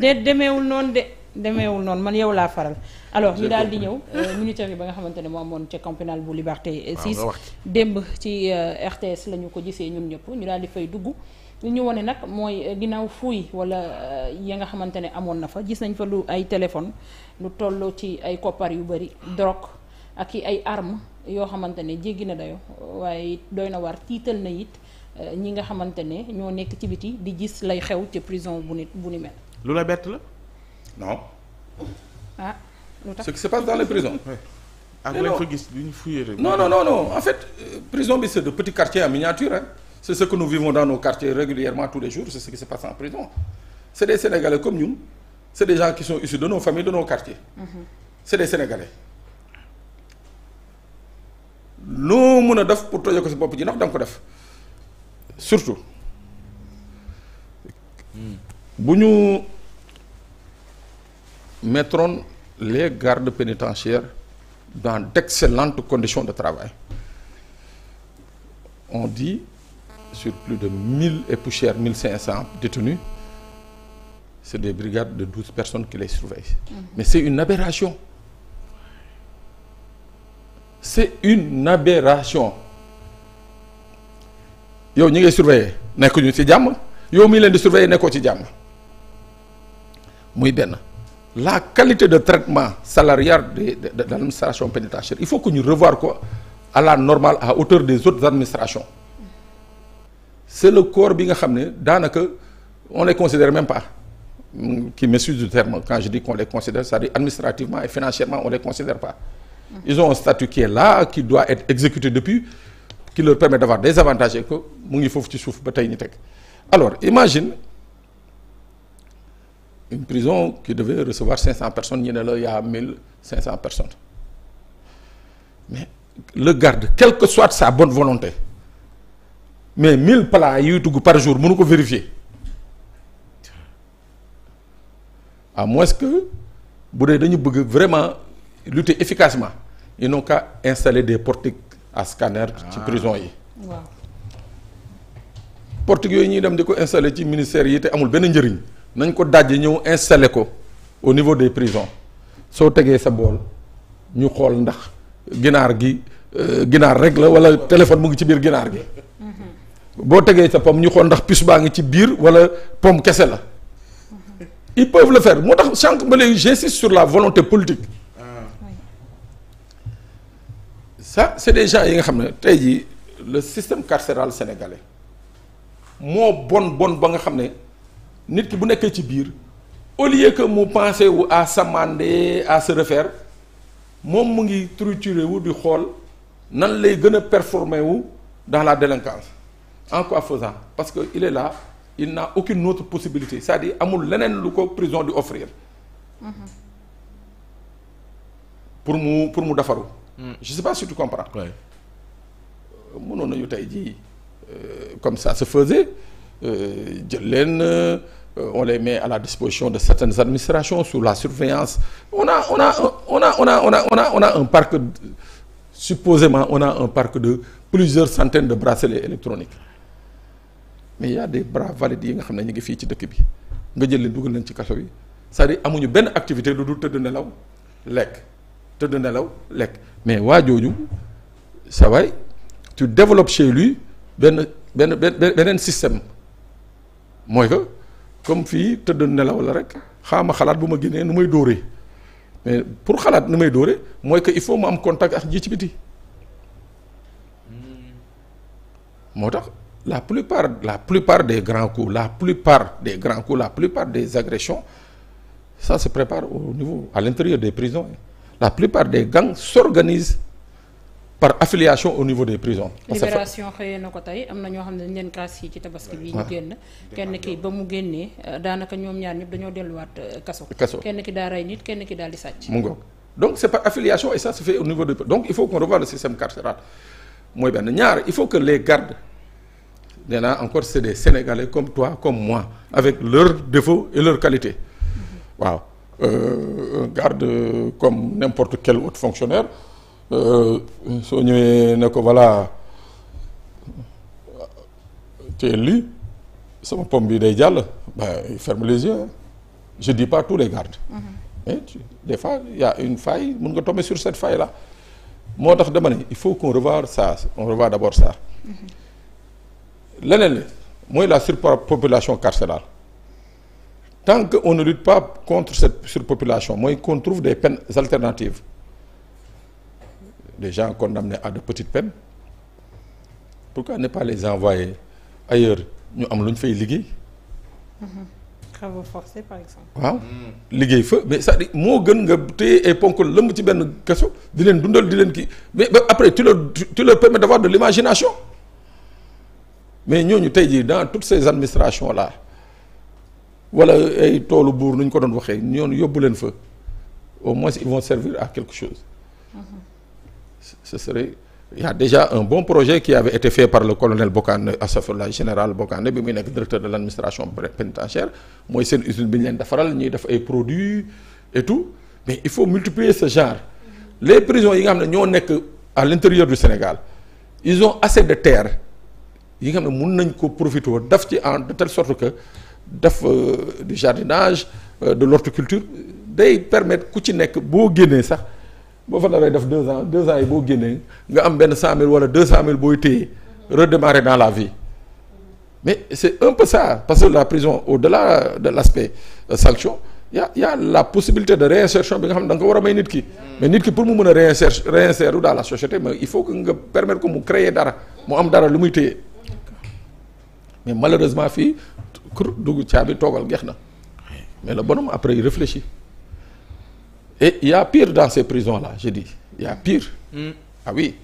déet demeewul noonu de demeewul noonu man yow laa faral alors ñu daal di ñëw euh, militaire yi ba nga xamante ne moo amoon ca camp pénal bu Liberté 6 ah, démb ci euh, RTS lañu ko gisee ñun ñëpp ñu daal di fay dugg li ñu wane nag mooy euh, ginnaaw fuuy wala ya nga xamante ne amoon na fa gis nañ fa lu ay téléphone lu tolloo ci ay koppar yu bëri drogue ak i ay arm yoo xamante ne jéggi na dayo waaye doy na war tiital na it ñi nga xamante ne ñoo nekk ci biti di gis lay xew ci prison bu nit lu la bett la. non. ah lu tax ce qui se passe dans les prisons. ak ah, lañ fa gis duñ fuyee rek. non non en fait euh, prison bi c'est de petits quartiers en miniature hein c'est ce que nous vivons dans nos régulièrement tous les jours c'est ce qui se passe en prison c'est des Sénégalais comme ñun c'est des gens qui sont issus de nos familles de mm-hmm. c'est des Sénégalais. loo mën a def pour tojee ko si bopp ji ndax da ko def surtout. Hmm. bu ñu. mettront les gardes pénitentiaires dans d'excellentes condition de travail. On dit, sur plus de 1000 et cinq 1500 détenus, c'est des brigades de 12 personnes qui les surveillent. Mmh. Mais c'est une aberration. C'est une aberration. yow ñu ngay surveiller nekkuñu ci jàmm yow mii leen di surveiller nekkoo ci jàmm muy benn la qualité de traitement salarial des de, de, de il faut que ñu revoir ko à la normale à hauteur des autres administrations c'est le corps bi nga xam ne daanaka on les considère même pas qui m'excuse du terme quand je dis qu'on les considère c'est-à-dire administrativement et financièrement on les considère pas ils ont un statut qui est là qui doit être exécuté depuis qui leur permet d'avoir des avantages mu ngi foofu ci suuf ba tey ñu teg alors imagine une prison qui devait recevoir 500 personnes ñu ne la y a 1500 personnes mais le garde quelle que soit sa bonne volonté mais mille plats yuy dugg par jour mënu ko vérifier à moins que bu dee dañu bëgg vraiment lutter efficacement ils n'ont qu'à installer des portiques à scanner. ci ah. prison yi. waaw yooyu ñuy dem di ko installer ci ministère yi te amul benn njëriñ. nañ ko dajj ñëw installé ko au niveau des prisons soo tegee sa bool ñu xool ndax ginaar gi euh, ginaar rek la wala téléphone mu ngi ci biir ginaar gi mhm. boo tegee sa pomm ñu xool ndax puce baa ngi ci biir wala pomme kese la mhm. ils peuvent le faire moo tax sànq ba léegi j'insiste sur la volonté politique ah. ça c'est des yi nga xam ne tey jii le système carcéral sénégalais moo bon bon ba nga xam ne nit ki bu nekkee ci biir au lieu que mu pensé wu à s'amender à se refaire moom mu ngi structuré wu di xool nan lay gën a performer wu dans la délinquance en quoi faisant parce que il est la il n'a aucune autre possibilité cest di amul leneen lu ko prison di offrir pour mu pour mu defaru mm. je sais pas si tu comprends euh, mënoon nañu tey jii euh, comme ça se faisait Euh, jël leen euh, on les met à la disposition de certaines administrations sous la surveillance on a on a on a on a on a on a on a un parc supposément on a un parc de plusieurs centaines de bracelets électroniques mais il y a des bras valides yi nga xam ne ñu ngi fii ci dëkk bi nga jël leen dugal leen ci kaso yi c'est-à-dire amuñu benn activité lu dul tëdd nelaw lekk tëdd nelaw lekk mais waa jooju sa waay tu développes chez lui benn benn benn beneen système mooy que comme fii tëdd nelaw la rek xaama xalaat bu ma génnee nu may dóoree mais pour xalaat nu may dóoree mooy que il faut mu am contact ak jii ci biti hmm. moo tax la plupart la plupart des grands coups la plupart des grands coups la plupart des agressions ça se prépare au niveau à l'intérieur des prisons la plupart des gangs s'organisent par affiliation au niveau des prison parce que libération xëyee na ko tey am na ñoo xam ne dañ leen kaas yi ci tabaski bi ñu génn kenn ki ba mu génnee euh, daanaka ñoom ñaar ñëpp dañoo delluwaat euh, kaso. kaso kenn ki daa rey nit kenn ki daal di sàcc. mu ngoog donc c' est par affiliation et ça se fait au niveau de donc il faut qu'on revoie le système carcéral mooy benn ñaar il faut que les gardes nee naa encore c' est des sénégalais comme toi comme moi avec leurs défauts et leurs qualités mm-hmm. waaw euh, garde comme n'importe quel Euh, soo ñëwee ne ko voilà teel lii sama pomme bi day jàll ba ferme les yeux je dis pas tous les gardes mm -hmm. mais des fois une faille mën nga tomber sur cette faille la moo tax dama ne il faut qu'on revoie ça on revoie d'abord ça mm-hmm. leneen li mooy la surpopulation carcérale tant que on ne lutte pas contre cette surpopulation mooy qu'on trouve des peines alternatives des gens condamnés à de petites peines pourquoi ne par les envoyer ailleurs ñu am lu ñu fay liggéey. travaux forcés par exemple. waaw liggéey fa mais cest di moo gën nga téye ay ponk lëmb ci benn kaso di leen dundal di leen kii mais ba après tu leur tu leur permets d'avoir de l'imagination mais ñooñu tey jii dans toutes ces administrations la wala ay toolu buur nu ñu ko doon waxee ñoon yóbbu leen fa au moins ils vont servir à quelque chose. Mm-hmm. ce serait il déjà un bon projet qui avait été fait par le colonel Bokane astafurlah général Bokane bi muy nekk directeur de l'administration pénitentiaire mooy seen usine bi ñu leen defaral ñuy def ay produits et tout mais il faut multiplier ce genre les prisons yi nga xam ne ñoo nekk à l'intérieur du Sénégal ils ont assez de terre yi nga xam ne mun nañ ko profiter daf ci en de telle sorte que def euh, du jardinage euh, de l'horticulture day permettre ku ci nekk boo génnee sax boo fa naree def deux ans deux ans yi boo génnee nga am benn cent mille wala deux cent mille booy téye redémarrer dans la vie mais c'est un peu ça parce que la prison au-delà de l'aspect euh, sanction y a y a la possibilité de réinsertion bi nga xam ne da nga ko war a may nit ki. Hmm. mais nit ki pour mu mën a réinser réinsérer dans la société mais il faut que nga permettre ko mu créer dara mu am dara lu muy téye mais malheureusement fii kur dugg caabi toogal geex na mais le bonhomme après il réfléchit. Et il y a pire dans ces prisons-là, je dis. y a pire. Mm. Ah oui.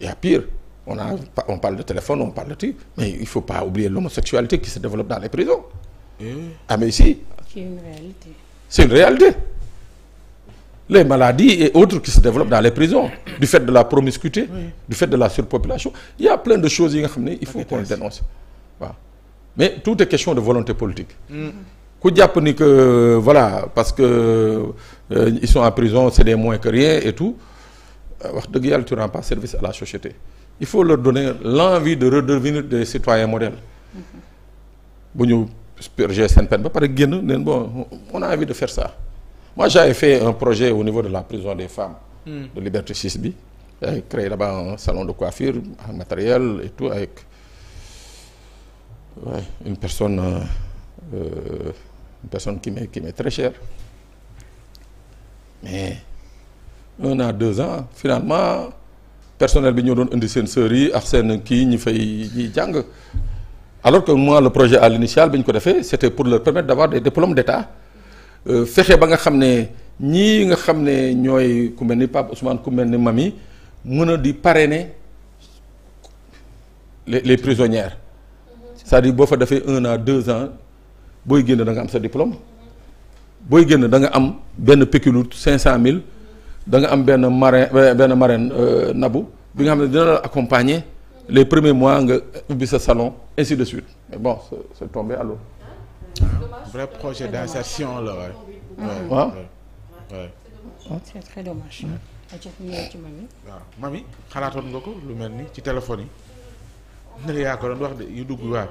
Il y a pire. On, a, on parle de téléphone, on parle de tout. Mais il ne faut pas oublier l'homosexualité qui se développe dans les prisons. Mm. ici. C'est une réalité. Les maladies et autres qui se développent dans les prisons, du fait de la promiscuité, du fait de la surpopulation. y a plein de choses, il faut qu'on dénonce. Mais tout est question de volonté politique. Hmm. ku jàpp ni que voilà parce que euh, ils sont en prison c'est des moins que rien et tout euh, wax dëgg yàlla tu rends service à la société il faut leur donner l'envie de redevenir des citoyens modèles mm-hmm. bu ñu purger seen peine ba pare génn le bon on a envie de faire ça moi j'avais fait un projet au niveau de la prison des femmes mm. de Liberté 6 bi j'ai euh, créé là-bas salon de coiffure un matériel et tout avec une personne personne qui m'est qui m'est très chère mais un an deux ans finalement personnel bi ñoo doon indi seen sœurs yi ak seen kii ñu fay ñiy jàng alors que moi le projet à l'initial bi ñu ko defee c'était pour leur permettre d'avoir des diplômes d'état euh, fexe ba nga xam ne ñii nga xam ne ñooy ku mel ni Pape Ousmane ku mel ni Mami mën a di parrainer les les prisonnières cest di boo fa defee un an deux ans booy génn da nga am sa diplôme booy génn da nga am benn pécule cinq cent mille danga am benn marin euh, benn marraine euh, nabu bi nga xam ne dina la accompagner les premiers mois nga ubbi sa salon ainsi de suite bon sa tombé à l'eau vrai mami xalaatoon nga ko lu mel ni ci téléphone yi ne la yaa ko doon wax de yu dugg waay